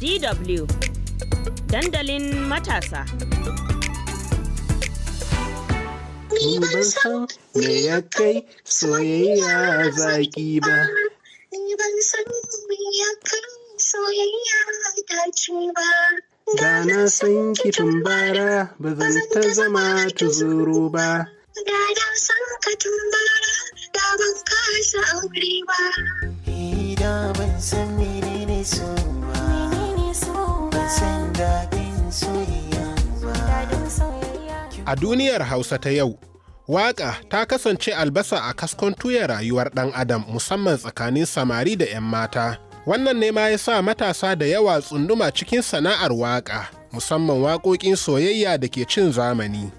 DW dandalin matasa. Ni ban san me ya kai soyayya zaki ba. Ni ban san me ya kai soyayya daci ba. Da na san kitin bara ba zan ta zama tuzuru ba. Da na san katin bara da ban kasa aure ba. Ni da ban san menene soyayya. A duniyar Hausa ta yau, waƙa ta kasance albasa a kaskon tuya rayuwar ɗan adam musamman tsakanin samari da 'yan mata. Wannan ne ma ya sa matasa da yawa tsunduma cikin sana'ar waƙa, musamman waƙoƙin soyayya da ke cin zamani.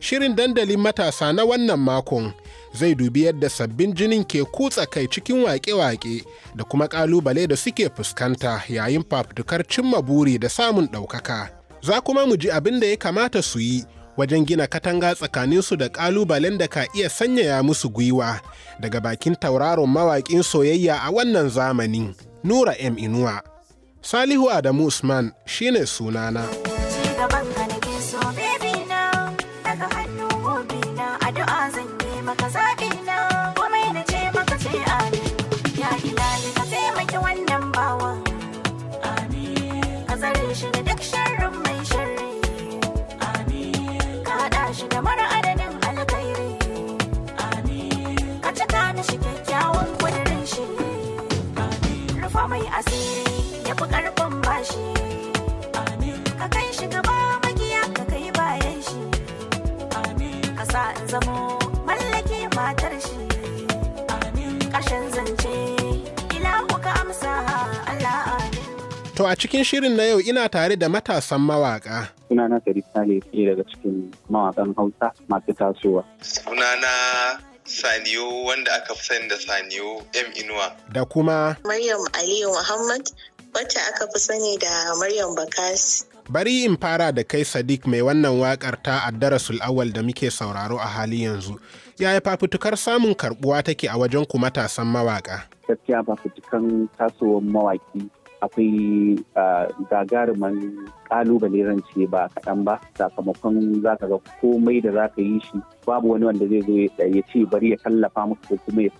Shirin dandalin matasa na wannan makon zai dubi yadda sabbin jinin ke kutsa kai cikin waƙe-waƙe da kuma ƙalubale da suke fuskanta yayin fafutukar cimma buri da samun ɗaukaka. Za kuma mu ji abin da ya kamata su yi wajen gina katanga tsakaninsu da ƙalubalen da ka iya sanyaya musu gwiwa daga bakin tauraron mawaƙin soyayya a wannan zamanin. Nura M. Inuwa. Salihu Adamu Usman shine sunana. shiga duk sharrin mai sharri ka haɗa shi da mara adadin alkhairi ka cika na shi kyakkyawan kudirin shi rufa mai asiri ya fi ƙarfin bashi ka kai shi gaba To a cikin shirin na yau ina tare da matasan mawaka. Sunana Sadiq Sale ɗaya daga cikin mawakan Hausa masu tasowa. Sunana Saniyo wanda aka fi sani da Saniyo M Inuwa. Da kuma Maryam Aliyu Muhammad wacce aka fi sani da Maryam Bakasi. Bari in fara da kai Sadiq mai wannan wakar ta addarasul awal da muke sauraro a hali yanzu. Yaya fafutukar samun karbuwa take a wajen ku matasan mawaka? Gaskiya fafutukan tasowar mawaki akwai ah, gagarumin kalubale rance ba kaɗan ba sakamakon za ka ga komai da za ka yi shi babu wani wanda zai zo ya ce bari ya tallafa musu ko kuma ya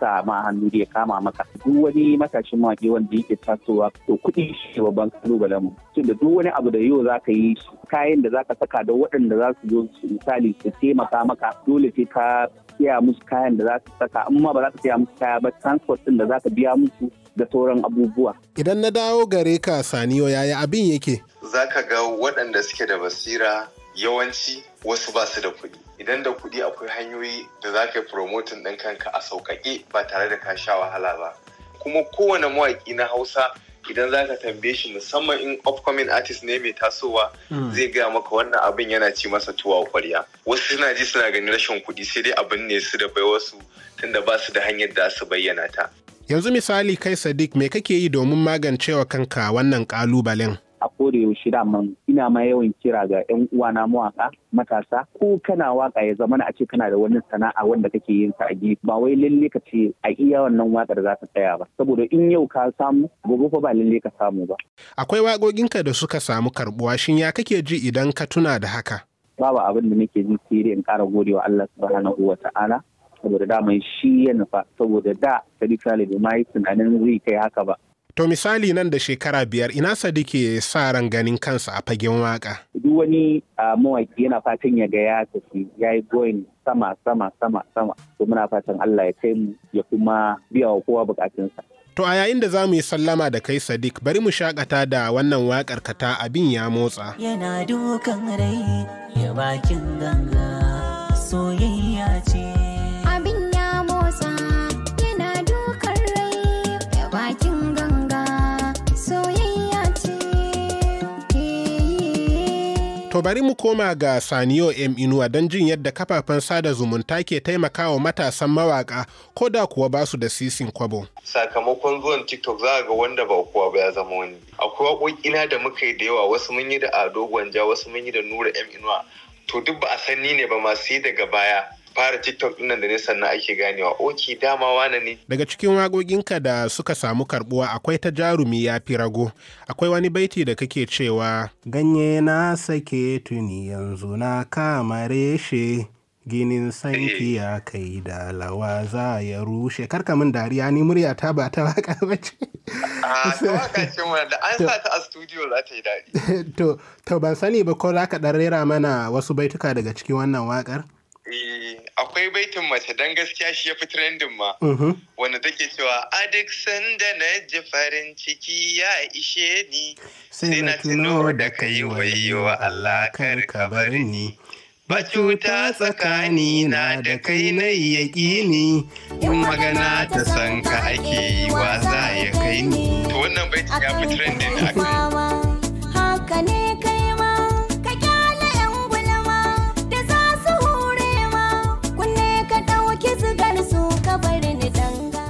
sa ma hannu da ya kama maka duk wani matashin mawaƙi wanda yake tasowa to kuɗi shi babban kalubalen mu tunda duk wani abu da yau za ka yi kayan da za ka saka da waɗanda za su zo misali su taimaka maka dole sai ka siya musu kayan da za su saka amma ba za ka siya musu kaya ba transport ɗin da za ka biya musu da sauran abubuwa. Idan na dawo gare ka saniyo yaya abin yake? Za ka ga waɗanda suke da basira yawanci wasu ba su da kuɗi. Idan da kuɗi akwai hanyoyi da za ka yi promotin ɗin kanka a sauƙaƙe ba tare da ka sha wahala ba. Kuma kowane mawaƙi na Hausa idan za ka tambaye shi musamman in upcoming artist ne mai tasowa hmm. zai gaya maka wannan abin yana ci masa tuwa kwarya wasu suna ji suna ganin rashin kuɗi sai dai abin ne su da bai wasu tunda ba su da hanyar da su bayyana ta Yanzu misali kai Sadiq me kake yi domin magancewa kanka wannan kalubalen a yau yaushe man ina ma yawan kira ga yan uwana mawaka matasa ko kana waka ya zama a ce kana da wani sana'a wanda kake yin sa a gefe ba wai lalle ka ce a iya wannan wakar za ta tsaya ba saboda in yau ka samu gobe fa ba lalle ka samu ba akwai wagoginka da suka samu karbuwa shin ya kake ji idan ka tuna da haka babu abin da nake ji sai in ƙara godewa Allah subhanahu wa saboda da, mai shi ya nufa saboda da sadiq sale bai ma tunanin zai kai haka ba To misali nan da shekara biyar ina sadiki sa ran ganin kansa a fagen waka. Duk wani mawaki yana fatan ya ga ya tafi ya yi goyin sama sama sama sama. To muna fatan Allah ya kai mu ya kuma biya wa kowa bukatunsa. To a yayin da za mu yi sallama da kai Sadiq bari mu shakata da wannan wakar ka ta abin ya motsa. Yana dukan rai ya bakin ganga soyayya. To bari mu koma ga Saniyo M Inuwa don jin yadda kafafen sada zumunta ke taimakawa matasan mawaka ko da kuwa ba su da sisin kwabo. Sakamakon zuwan TikTok za ga wanda ba kuwa ba ya zama wani. Akwai waƙoƙina da muka yi da yawa wasu mun yi da Ado Gwanja wasu mun yi da Nura M Inuwa. To duk ba a sani ne ba masu yi daga baya. fara tiktok dinnan da ne sannan ake ganewa oki dama wane ne daga cikin wagoginka da suka samu karbuwa akwai ta jarumi ya fi rago akwai wani baiti da kake cewa ganye na sake tuni yanzu na kama reshe ginin sanki ya kai da lawa za ya rushe karkamin dariya ni murya ta ba ta waka ba ce da an sa a studio za ta yi daɗi to ban sani ba ko za ka ɗan rera mana wasu baituka daga cikin wannan wakar Eh, akwai baitin mace don gaskiya shi ya fi trendin ma mm-hmm. wanda take cewa a duk sanda na ji farin ciki ya ishe ni sai na tuno da kai wayo Allah kar ka bar ni ba cuta tsakani na da kai na yaƙi ni in magana ta san ka ake yi wa za ya kai ni to wannan baitin ya fi trendin a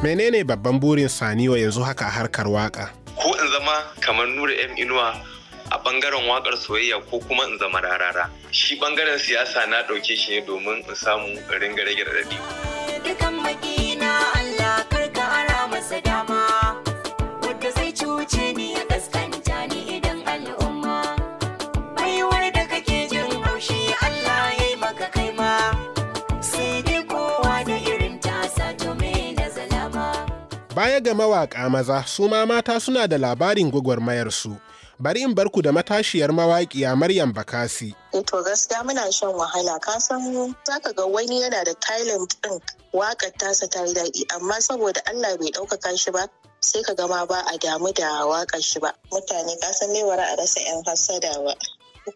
menene babban burin saniwa yanzu haka a harkar waka ko in zama kamar nura 'yan inuwa a ɓangaren wakar soyayya ko kuma in zama rarara shi ɓangaren siyasa na ɗauke shi ne domin in samu ringa rage raɗaɗi Baya ga mawaƙa maza, su ma mata suna da labarin gwagwarmayarsu. Bari in barku da matashiyar mawaƙiya Maryam Bakasi. Eh, to gaskiya muna shan wahala ka san zaka ga wani yana da talent ɗin waƙar tasa ta daɗi amma saboda Allah bai ɗaukaka shi ba sai ka gama ba a damu da waƙar shi ba mutane ka san me wara a rasa yan hasada ba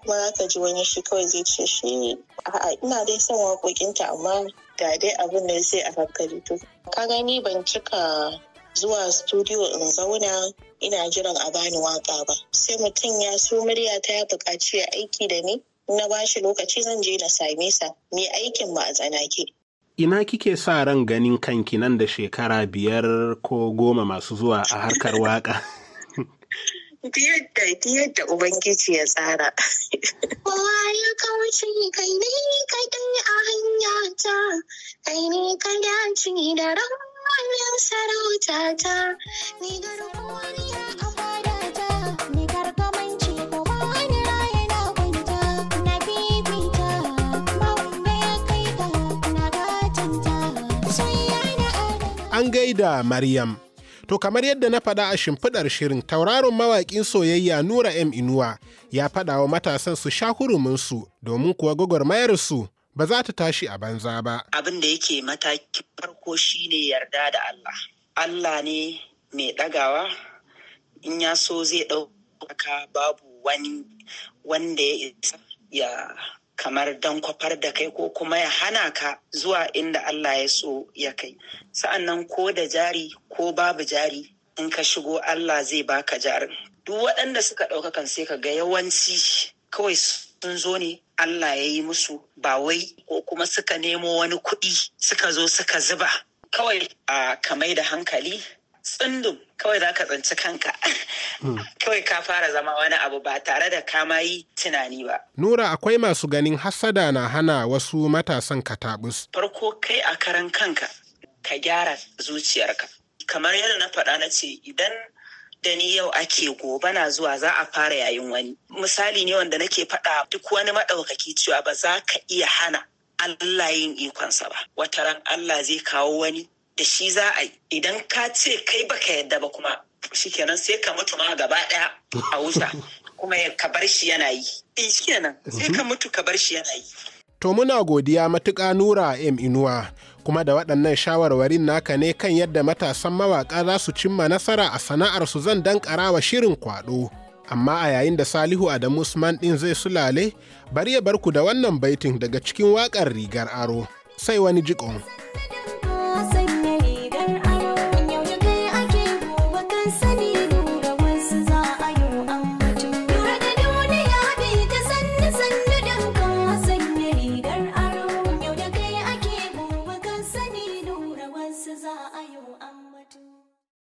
kuma za ka ji wani shi kawai zai ce shi a'a ina dai son waƙoƙinta amma da dai abin da zai a hankali to ka gani ban cika zuwa studio in zauna ina jiran a bani waka ba sai mutum ya so murya ta ya buƙaci ya aiki da ni na bashi lokaci zan je na same sa mai aikin mu a tsanake ina kike sa ran ganin kanki nan da shekara biyar ko goma masu zuwa a harkar waka yadda ubangiji ya tsara kowa ya kauce kai ne kaɗai a hanya ta kai ne ka dace da ran an gaida maryam To kamar yadda na faɗa a shimfiɗar shirin tauraron mawaƙin soyayya Nura M Inuwa ya faɗa wa matasan su sha huruminsu domin kuwa gwagwarmayarsu ba za ta tashi a banza ba. Abin da yake mataki farko shine yarda da Allah. Allah ne mai ɗagawa in ya so zai ɗauka babu wani wanda ya isa ya kamar don kwafar da kai ko kuma ya hana ka zuwa inda Allah ya so ya kai. Sa'annan ko da jari ko babu jari in ka shigo Allah zai baka jarin. Duk waɗanda suka ɗaukakan sai ka ga yawanci kawai sun zo ne Allah ya yi musu ba wai ko kuma suka nemo wani kuɗi suka zo suka zuba kawai a kamai da hankali tsundum kawai za ka tsinci kanka hmm. kawai ka fara zama wani abu ba tare da kama yi tunani ba. Nura akwai masu ganin hassada na hana wasu matasan katabus. Farko kai a karan kanka ka gyara zuciyarka. Kamar yadda na faɗa na ce idan da ni yau ake gobe na zuwa za a fara yayin wani misali ne wanda nake faɗa duk wani maɗaukaki cewa ba za ka iya hana Allah yin ikonsa ba Wata ran Allah zai kawo wani da shi za a yi idan ka ce kai baka yadda ba kuma shikenan sai ka mutu ma gaba ɗaya a wuta kuma ka bar shi yana yi in e, shikenan sai ka mhm. mutu ka bar shi yana yi to muna godiya matuƙa nura m inuwa kuma da waɗannan shawarwarin naka ne kan yadda matasan mawaƙa za su cimma nasara a sana'arsu zan danƙara wa shirin kwaɗo. Amma a yayin da Salihu Adamu Usman ɗin zai sulale, bari ya barku da wannan baitin daga cikin waƙar rigar aro. Sai wani jiƙon.